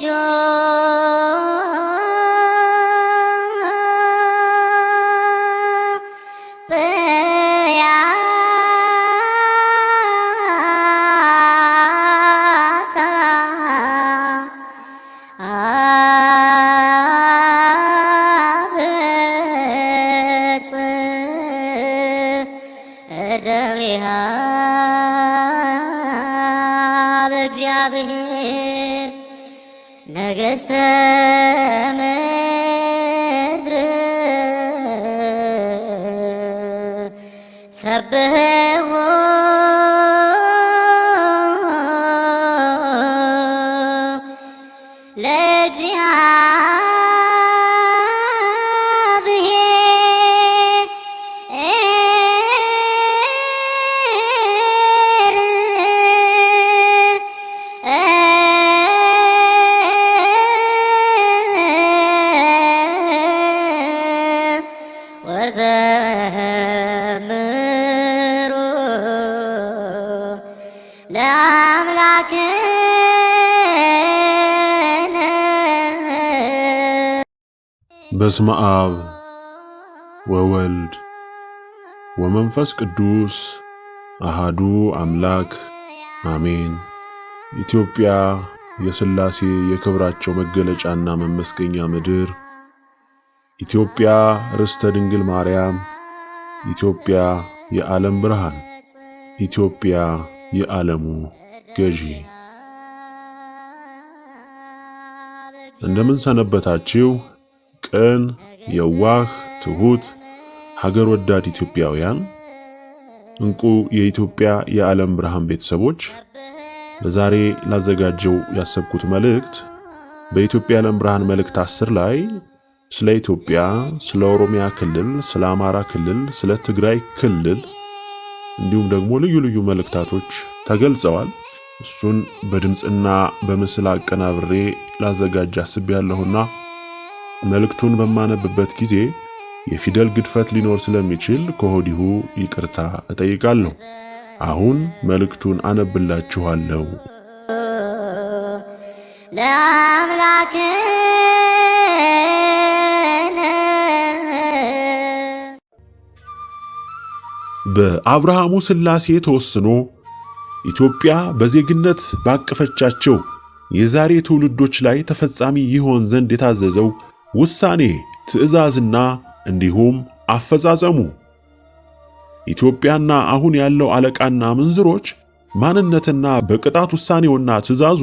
就。सब है वो ለአምላክ በስመ አብ ወወልድ ወመንፈስ ቅዱስ አሃዱ አምላክ አሜን። ኢትዮጵያ የሥላሴ የክብራቸው መገለጫና መመስገኛ ምድር፣ ኢትዮጵያ ርስተ ድንግል ማርያም፣ ኢትዮጵያ የዓለም ብርሃን፣ ኢትዮጵያ የዓለሙ ገዢ። እንደምን ሰነበታችሁ? ቅን፣ የዋህ፣ ትሁት፣ ሀገር ወዳድ ኢትዮጵያውያን እንቁ የኢትዮጵያ የዓለም ብርሃን ቤተሰቦች በዛሬ ላዘጋጀው ያሰብኩት መልእክት በኢትዮጵያ የዓለም ብርሃን መልእክት አስር ላይ ስለ ኢትዮጵያ፣ ስለ ኦሮሚያ ክልል፣ ስለ አማራ ክልል፣ ስለ ትግራይ ክልል እንዲሁም ደግሞ ልዩ ልዩ መልእክታቶች ተገልጸዋል። እሱን በድምፅና በምስል አቀናብሬ ላዘጋጅ አስቤያለሁና መልእክቱን በማነብበት ጊዜ የፊደል ግድፈት ሊኖር ስለሚችል ከሆዲሁ ይቅርታ እጠይቃለሁ። አሁን መልእክቱን አነብላችኋለሁ። ለአምላክ በአብርሃሙ ሥላሴ ተወስኖ ኢትዮጵያ በዜግነት ባቀፈቻቸው የዛሬ ትውልዶች ላይ ተፈጻሚ ይሆን ዘንድ የታዘዘው ውሳኔ፣ ትዕዛዝና እንዲሁም አፈጻጸሙ ኢትዮጵያና አሁን ያለው አለቃና ምንዝሮች ማንነትና በቅጣት ውሳኔውና ትዕዛዙ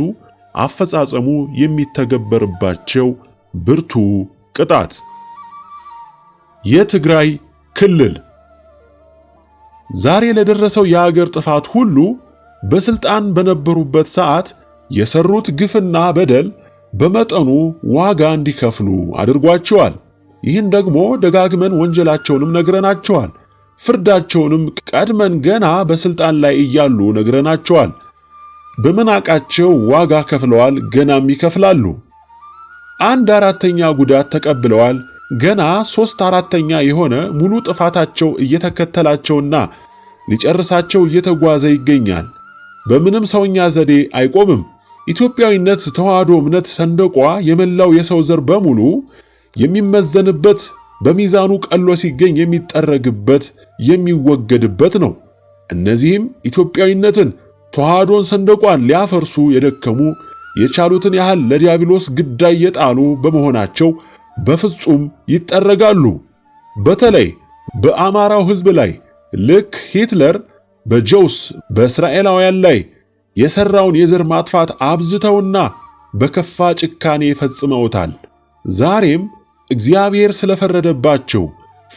አፈጻጸሙ የሚተገበርባቸው ብርቱ ቅጣት የትግራይ ክልል ዛሬ ለደረሰው የአገር ጥፋት ሁሉ በስልጣን በነበሩበት ሰዓት የሰሩት ግፍና በደል በመጠኑ ዋጋ እንዲከፍሉ አድርጓቸዋል። ይህን ደግሞ ደጋግመን ወንጀላቸውንም ነግረናቸዋል። ፍርዳቸውንም ቀድመን ገና በስልጣን ላይ እያሉ ነግረናቸዋል። በመናቃቸው ዋጋ ከፍለዋል፣ ገናም ይከፍላሉ። አንድ አራተኛ ጉዳት ተቀብለዋል። ገና ሦስት አራተኛ የሆነ ሙሉ ጥፋታቸው እየተከተላቸውና ሊጨርሳቸው እየተጓዘ ይገኛል። በምንም ሰውኛ ዘዴ አይቆምም። ኢትዮጵያዊነት ተዋህዶ እምነት ሰንደቋ የመላው የሰው ዘር በሙሉ የሚመዘንበት በሚዛኑ ቀሎ ሲገኝ የሚጠረግበት የሚወገድበት ነው። እነዚህም ኢትዮጵያዊነትን ተዋህዶን ሰንደቋን ሊያፈርሱ የደከሙ የቻሉትን ያህል ለዲያብሎስ ግዳይ የጣሉ በመሆናቸው በፍጹም ይጠረጋሉ። በተለይ በአማራው ሕዝብ ላይ ልክ ሂትለር በጆስ በእስራኤላውያን ላይ የሰራውን የዘር ማጥፋት አብዝተውና በከፋ ጭካኔ ፈጽመውታል። ዛሬም እግዚአብሔር ስለፈረደባቸው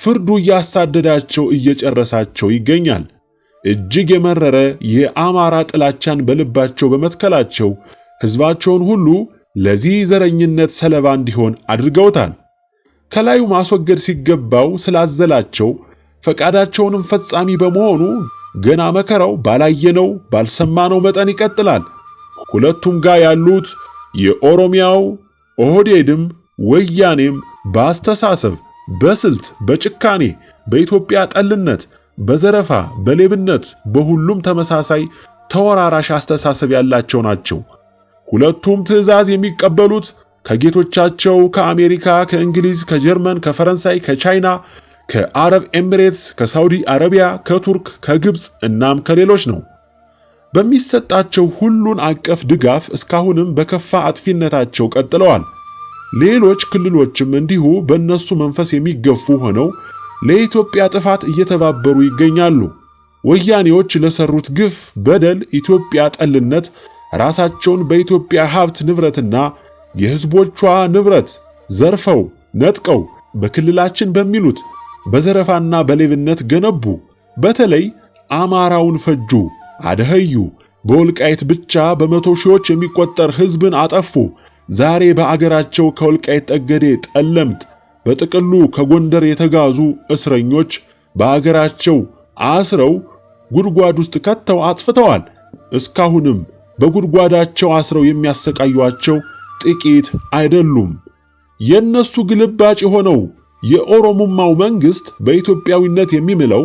ፍርዱ እያሳደዳቸው እየጨረሳቸው ይገኛል። እጅግ የመረረ የአማራ ጥላቻን በልባቸው በመትከላቸው ሕዝባቸውን ሁሉ ለዚህ ዘረኝነት ሰለባ እንዲሆን አድርገውታል። ከላዩ ማስወገድ ሲገባው ስላዘላቸው ፈቃዳቸውንም ፈጻሚ በመሆኑ ገና መከራው ባላየነው ባልሰማነው መጠን ይቀጥላል። ሁለቱም ጋር ያሉት የኦሮሚያው ኦህዴድም ወያኔም በአስተሳሰብ፣ በስልት፣ በጭካኔ፣ በኢትዮጵያ ጠልነት፣ በዘረፋ፣ በሌብነት በሁሉም ተመሳሳይ ተወራራሽ አስተሳሰብ ያላቸው ናቸው። ሁለቱም ትዕዛዝ የሚቀበሉት ከጌቶቻቸው ከአሜሪካ፣ ከእንግሊዝ፣ ከጀርመን፣ ከፈረንሳይ፣ ከቻይና ከአረብ ኤምሬትስ፣ ከሳውዲ አረቢያ፣ ከቱርክ፣ ከግብፅ እናም ከሌሎች ነው። በሚሰጣቸው ሁሉን አቀፍ ድጋፍ እስካሁንም በከፋ አጥፊነታቸው ቀጥለዋል። ሌሎች ክልሎችም እንዲሁ በእነሱ መንፈስ የሚገፉ ሆነው ለኢትዮጵያ ጥፋት እየተባበሩ ይገኛሉ። ወያኔዎች ለሰሩት ግፍ፣ በደል፣ ኢትዮጵያ ጠልነት ራሳቸውን በኢትዮጵያ ሀብት ንብረትና የሕዝቦቿ ንብረት ዘርፈው ነጥቀው በክልላችን በሚሉት በዘረፋና በሌብነት ገነቡ። በተለይ አማራውን ፈጁ፣ አደኸዩ። በወልቃይት ብቻ በመቶ ሺዎች የሚቆጠር ሕዝብን አጠፉ። ዛሬ በአገራቸው ከወልቃይት ጠገዴ፣ ጠለምት በጥቅሉ ከጎንደር የተጋዙ እስረኞች በአገራቸው አስረው ጉድጓድ ውስጥ ከተው አጥፍተዋል። እስካሁንም በጉድጓዳቸው አስረው የሚያሰቃዩአቸው ጥቂት አይደሉም። የነሱ ግልባጭ የሆነው የኦሮሙማው መንግስት በኢትዮጵያዊነት የሚምለው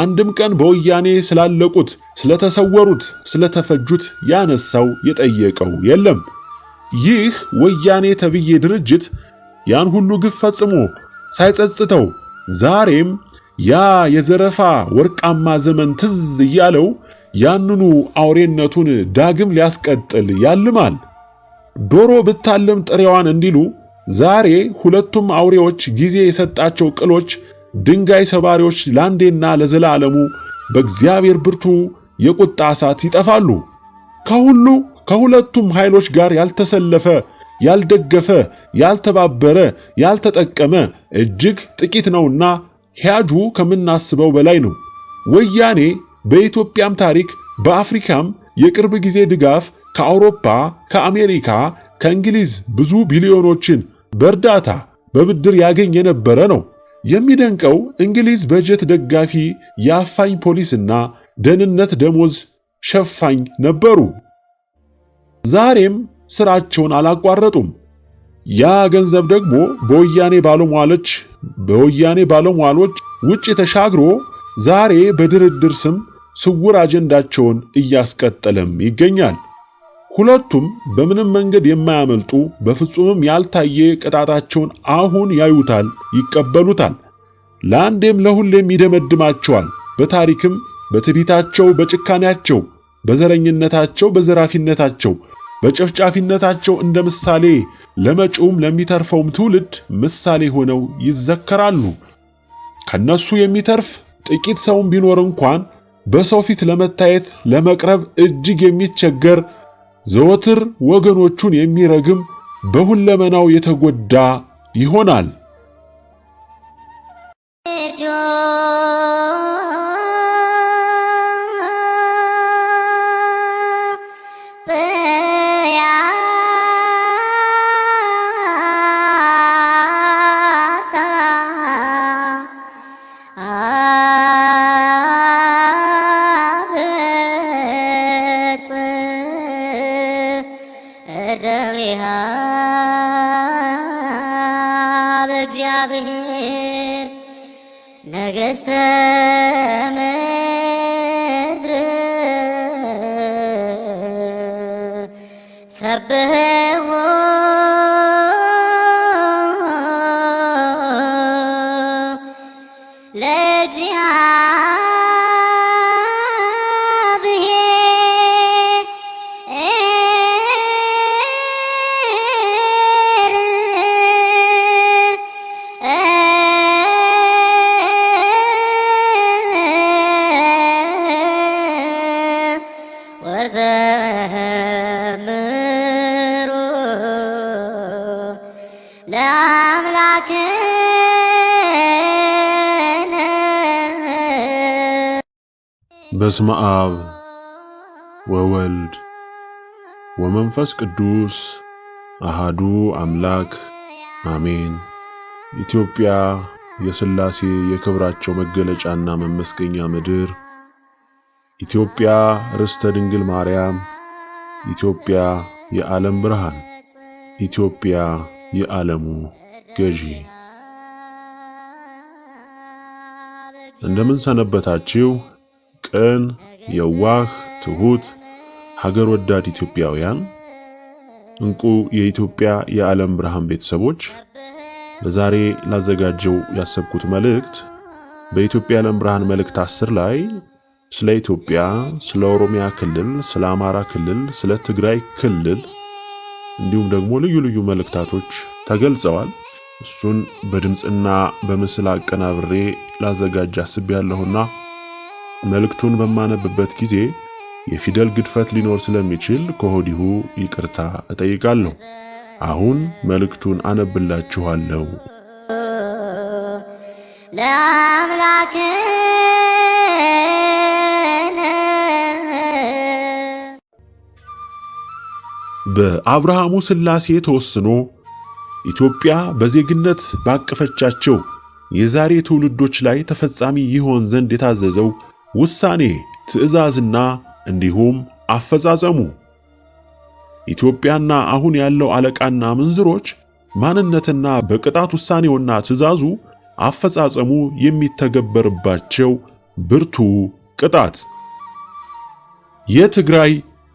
አንድም ቀን በወያኔ ስላለቁት፣ ስለተሰወሩት፣ ስለተፈጁት ያነሳው የጠየቀው የለም። ይህ ወያኔ ተብዬ ድርጅት ያን ሁሉ ግፍ ፈጽሞ ሳይጸጽተው ዛሬም ያ የዘረፋ ወርቃማ ዘመን ትዝ እያለው ያንኑ አውሬነቱን ዳግም ሊያስቀጥል ያልማል። ዶሮ ብታለም ጥሬዋን እንዲሉ ዛሬ ሁለቱም አውሬዎች ጊዜ የሰጣቸው ቅሎች ድንጋይ ሰባሪዎች ላንዴና ለዘላለሙ በእግዚአብሔር ብርቱ የቁጣ እሳት ይጠፋሉ። ከሁሉ ከሁለቱም ኃይሎች ጋር ያልተሰለፈ፣ ያልደገፈ፣ ያልተባበረ፣ ያልተጠቀመ እጅግ ጥቂት ነውና ሂያጁ ከምናስበው በላይ ነው። ወያኔ በኢትዮጵያም ታሪክ በአፍሪካም የቅርብ ጊዜ ድጋፍ ከአውሮፓ፣ ከአሜሪካ፣ ከእንግሊዝ ብዙ ቢሊዮኖችን በእርዳታ በብድር ያገኝ የነበረ ነው። የሚደንቀው እንግሊዝ በጀት ደጋፊ የአፋኝ ፖሊስና ደህንነት ደሞዝ ሸፋኝ ነበሩ። ዛሬም ስራቸውን አላቋረጡም። ያ ገንዘብ ደግሞ በወያኔ ባለሟሎች በወያኔ ባለሟሎች ውጭ ተሻግሮ ዛሬ በድርድር ስም ስውር አጀንዳቸውን እያስቀጠለም ይገኛል። ሁለቱም በምንም መንገድ የማያመልጡ በፍጹምም ያልታየ ቅጣታቸውን አሁን ያዩታል፣ ይቀበሉታል። ለአንዴም ለሁሌም ይደመድማቸዋል። በታሪክም በትቢታቸው በጭካኔያቸው፣ በዘረኝነታቸው፣ በዘራፊነታቸው፣ በጨፍጫፊነታቸው እንደ ምሳሌ ለመጪውም ለሚተርፈውም ትውልድ ምሳሌ ሆነው ይዘከራሉ። ከነሱ የሚተርፍ ጥቂት ሰውም ቢኖር እንኳን በሰው ፊት ለመታየት ለመቅረብ እጅግ የሚቸገር ዘወትር ወገኖቹን የሚረግም በሁለመናው የተጎዳ ይሆናል። በስመ አብ ወወልድ ወመንፈስ ቅዱስ አሃዱ አምላክ አሜን። ኢትዮጵያ የሥላሴ የክብራቸው መገለጫና መመስገኛ ምድር፣ ኢትዮጵያ ርስተ ድንግል ማርያም፣ ኢትዮጵያ የዓለም ብርሃን፣ ኢትዮጵያ የዓለሙ ገዢ እንደምን ሰነበታችሁ? ቅን፣ የዋህ፣ ትሁት፣ ሀገር ወዳድ ኢትዮጵያውያን እንቁ የኢትዮጵያ የዓለም ብርሃን ቤተሰቦች ለዛሬ ላዘጋጀው ያሰብኩት መልእክት በኢትዮጵያ የዓለም ብርሃን መልእክት አስር ላይ ስለ ኢትዮጵያ፣ ስለ ኦሮሚያ ክልል፣ ስለ አማራ ክልል፣ ስለ ትግራይ ክልል እንዲሁም ደግሞ ልዩ ልዩ መልእክታቶች ተገልጸዋል። እሱን በድምፅና በምስል አቀናብሬ ላዘጋጅ አስቤያለሁና መልእክቱን በማነብበት ጊዜ የፊደል ግድፈት ሊኖር ስለሚችል ከሆዲሁ ይቅርታ እጠይቃለሁ። አሁን መልእክቱን አነብላችኋለሁ። ለአምላክ በአብርሃሙ ሥላሴ ተወስኖ ኢትዮጵያ በዜግነት ባቀፈቻቸው የዛሬ ትውልዶች ላይ ተፈጻሚ ይሆን ዘንድ የታዘዘው ውሳኔ፣ ትዕዛዝና እንዲሁም አፈጻጸሙ ኢትዮጵያና አሁን ያለው አለቃና ምንዝሮች ማንነትና በቅጣት ውሳኔውና ትዕዛዙ አፈጻጸሙ የሚተገበርባቸው ብርቱ ቅጣት የትግራይ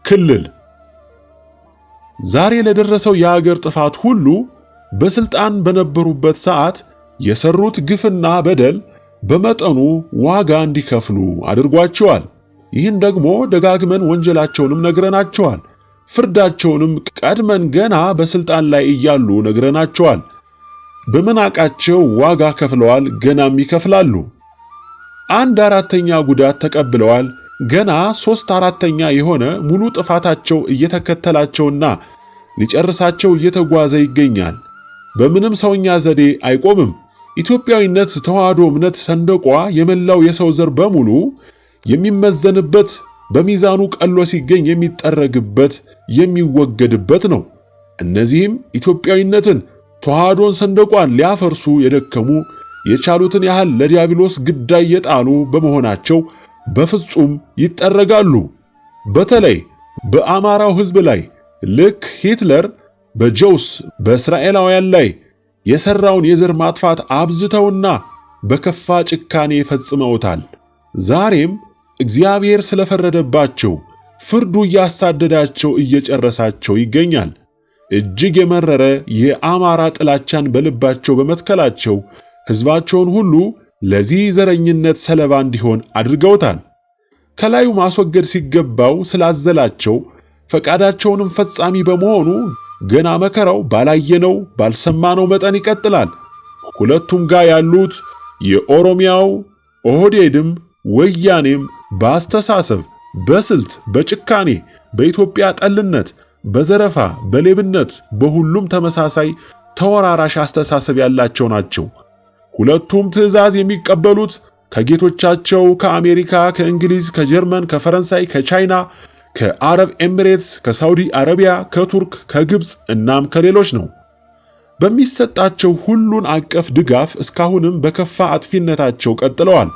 ክልል ዛሬ ለደረሰው የአገር ጥፋት ሁሉ በስልጣን በነበሩበት ሰዓት የሰሩት ግፍና በደል በመጠኑ ዋጋ እንዲከፍሉ አድርጓቸዋል። ይህን ደግሞ ደጋግመን ወንጀላቸውንም ነግረናቸዋል። ፍርዳቸውንም ቀድመን ገና በስልጣን ላይ እያሉ ነግረናቸዋል። በመናቃቸው ዋጋ ከፍለዋል፣ ገናም ይከፍላሉ። አንድ አራተኛ ጉዳት ተቀብለዋል። ገና ሦስት አራተኛ የሆነ ሙሉ ጥፋታቸው እየተከተላቸውና ሊጨርሳቸው እየተጓዘ ይገኛል። በምንም ሰውኛ ዘዴ አይቆምም። ኢትዮጵያዊነት ተዋህዶ እምነት ሰንደቋ የመላው የሰው ዘር በሙሉ የሚመዘንበት በሚዛኑ ቀሎ ሲገኝ የሚጠረግበት የሚወገድበት ነው። እነዚህም ኢትዮጵያዊነትን ተዋህዶን ሰንደቋን ሊያፈርሱ የደከሙ የቻሉትን ያህል ለዲያብሎስ ግዳይ የጣሉ በመሆናቸው በፍጹም ይጠረጋሉ። በተለይ በአማራው ሕዝብ ላይ ልክ ሂትለር በጀውስ በእስራኤላውያን ላይ የሰራውን የዘር ማጥፋት አብዝተውና በከፋ ጭካኔ ፈጽመውታል። ዛሬም እግዚአብሔር ስለፈረደባቸው ፍርዱ እያሳደዳቸው እየጨረሳቸው ይገኛል። እጅግ የመረረ የአማራ ጥላቻን በልባቸው በመትከላቸው ሕዝባቸውን ሁሉ ለዚህ ዘረኝነት ሰለባ እንዲሆን አድርገውታል። ከላዩ ማስወገድ ሲገባው ስላዘላቸው ፈቃዳቸውንም ፈጻሚ በመሆኑ ገና መከራው ባላየነው ባልሰማነው መጠን ይቀጥላል። ሁለቱም ጋር ያሉት የኦሮሚያው ኦህዴድም ወያኔም በአስተሳሰብ፣ በስልት፣ በጭካኔ፣ በኢትዮጵያ ጠልነት፣ በዘረፋ፣ በሌብነት በሁሉም ተመሳሳይ ተወራራሽ አስተሳሰብ ያላቸው ናቸው። ሁለቱም ትዕዛዝ የሚቀበሉት ከጌቶቻቸው ከአሜሪካ፣ ከእንግሊዝ፣ ከጀርመን፣ ከፈረንሳይ፣ ከቻይና ከአረብ ኤሚሬትስ፣ ከሳውዲ አረቢያ፣ ከቱርክ፣ ከግብፅ እናም ከሌሎች ነው። በሚሰጣቸው ሁሉን አቀፍ ድጋፍ እስካሁንም በከፋ አጥፊነታቸው ቀጥለዋል።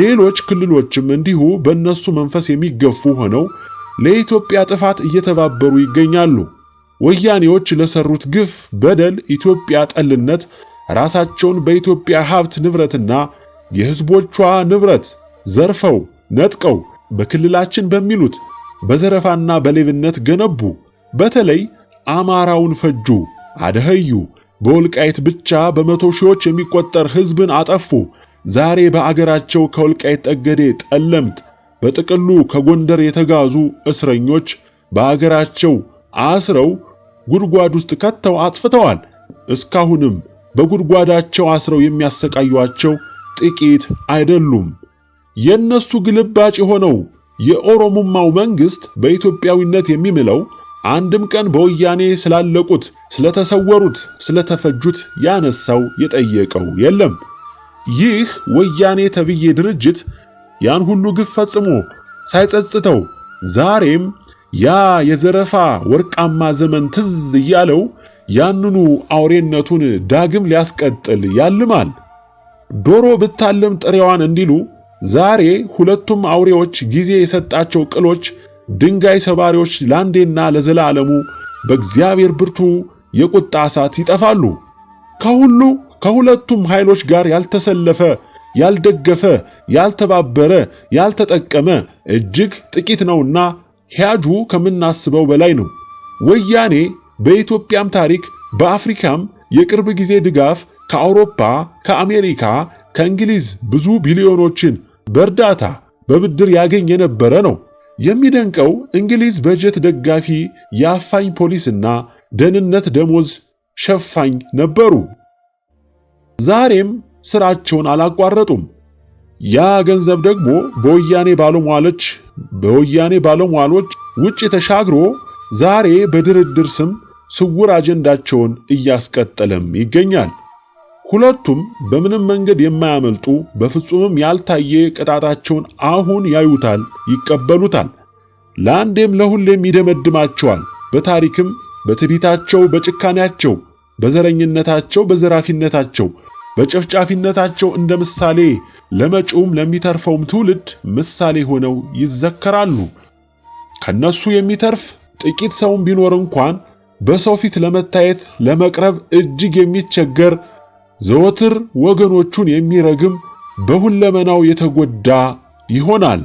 ሌሎች ክልሎችም እንዲሁ በእነሱ መንፈስ የሚገፉ ሆነው ለኢትዮጵያ ጥፋት እየተባበሩ ይገኛሉ። ወያኔዎች ለሰሩት ግፍ፣ በደል፣ ኢትዮጵያ ጠልነት ራሳቸውን በኢትዮጵያ ሀብት ንብረትና የሕዝቦቿ ንብረት ዘርፈው ነጥቀው በክልላችን በሚሉት በዘረፋና በሌብነት ገነቡ። በተለይ አማራውን ፈጁ፣ አደኸዩ። በወልቃይት ብቻ በመቶ ሺዎች የሚቆጠር ሕዝብን አጠፉ። ዛሬ በአገራቸው ከወልቃይት ጠገዴ፣ ጠለምት በጥቅሉ ከጎንደር የተጋዙ እስረኞች በአገራቸው አስረው ጉድጓድ ውስጥ ከተው አጥፍተዋል። እስካሁንም በጉድጓዳቸው አስረው የሚያሰቃዩአቸው ጥቂት አይደሉም። የነሱ ግልባጭ የሆነው የኦሮሙማው መንግስት በኢትዮጵያዊነት የሚምለው አንድም ቀን በወያኔ ስላለቁት፣ ስለተሰወሩት፣ ስለተፈጁት ያነሳው የጠየቀው የለም። ይህ ወያኔ ተብዬ ድርጅት ያን ሁሉ ግፍ ፈጽሞ ሳይጸጽተው ዛሬም ያ የዘረፋ ወርቃማ ዘመን ትዝ እያለው ያንኑ አውሬነቱን ዳግም ሊያስቀጥል ያልማል። ዶሮ ብታለም ጥሬዋን እንዲሉ ዛሬ ሁለቱም አውሬዎች ጊዜ የሰጣቸው ቅሎች ድንጋይ ሰባሪዎች ላንዴና ለዘላለሙ በእግዚአብሔር ብርቱ የቁጣ እሳት ይጠፋሉ። ከሁሉ ከሁለቱም ኃይሎች ጋር ያልተሰለፈ፣ ያልደገፈ፣ ያልተባበረ፣ ያልተጠቀመ እጅግ ጥቂት ነውና ሂያጁ ከምናስበው በላይ ነው። ወያኔ በኢትዮጵያም ታሪክ በአፍሪካም የቅርብ ጊዜ ድጋፍ ከአውሮፓ፣ ከአሜሪካ፣ ከእንግሊዝ ብዙ ቢሊዮኖችን በእርዳታ በብድር ያገኝ የነበረ ነው። የሚደንቀው እንግሊዝ በጀት ደጋፊ የአፋኝ ፖሊስና ደህንነት ደሞዝ ሸፋኝ ነበሩ። ዛሬም ስራቸውን አላቋረጡም። ያ ገንዘብ ደግሞ በወያኔ ባለሟሎች በወያኔ ባለሟሎች ውጭ ተሻግሮ ዛሬ በድርድር ስም ስውር አጀንዳቸውን እያስቀጠለም ይገኛል። ሁለቱም በምንም መንገድ የማያመልጡ በፍጹምም ያልታየ ቅጣታቸውን አሁን ያዩታል፣ ይቀበሉታል። ለአንዴም ለሁሌም ይደመድማቸዋል። በታሪክም በትቢታቸው በጭካኔያቸው፣ በዘረኝነታቸው፣ በዘራፊነታቸው፣ በጨፍጫፊነታቸው እንደ ምሳሌ ለመጪውም ለሚተርፈውም ትውልድ ምሳሌ ሆነው ይዘከራሉ። ከነሱ የሚተርፍ ጥቂት ሰውም ቢኖር እንኳን በሰው ፊት ለመታየት ለመቅረብ እጅግ የሚቸገር ዘወትር ወገኖቹን የሚረግም በሁለመናው የተጎዳ ይሆናል።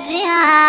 家。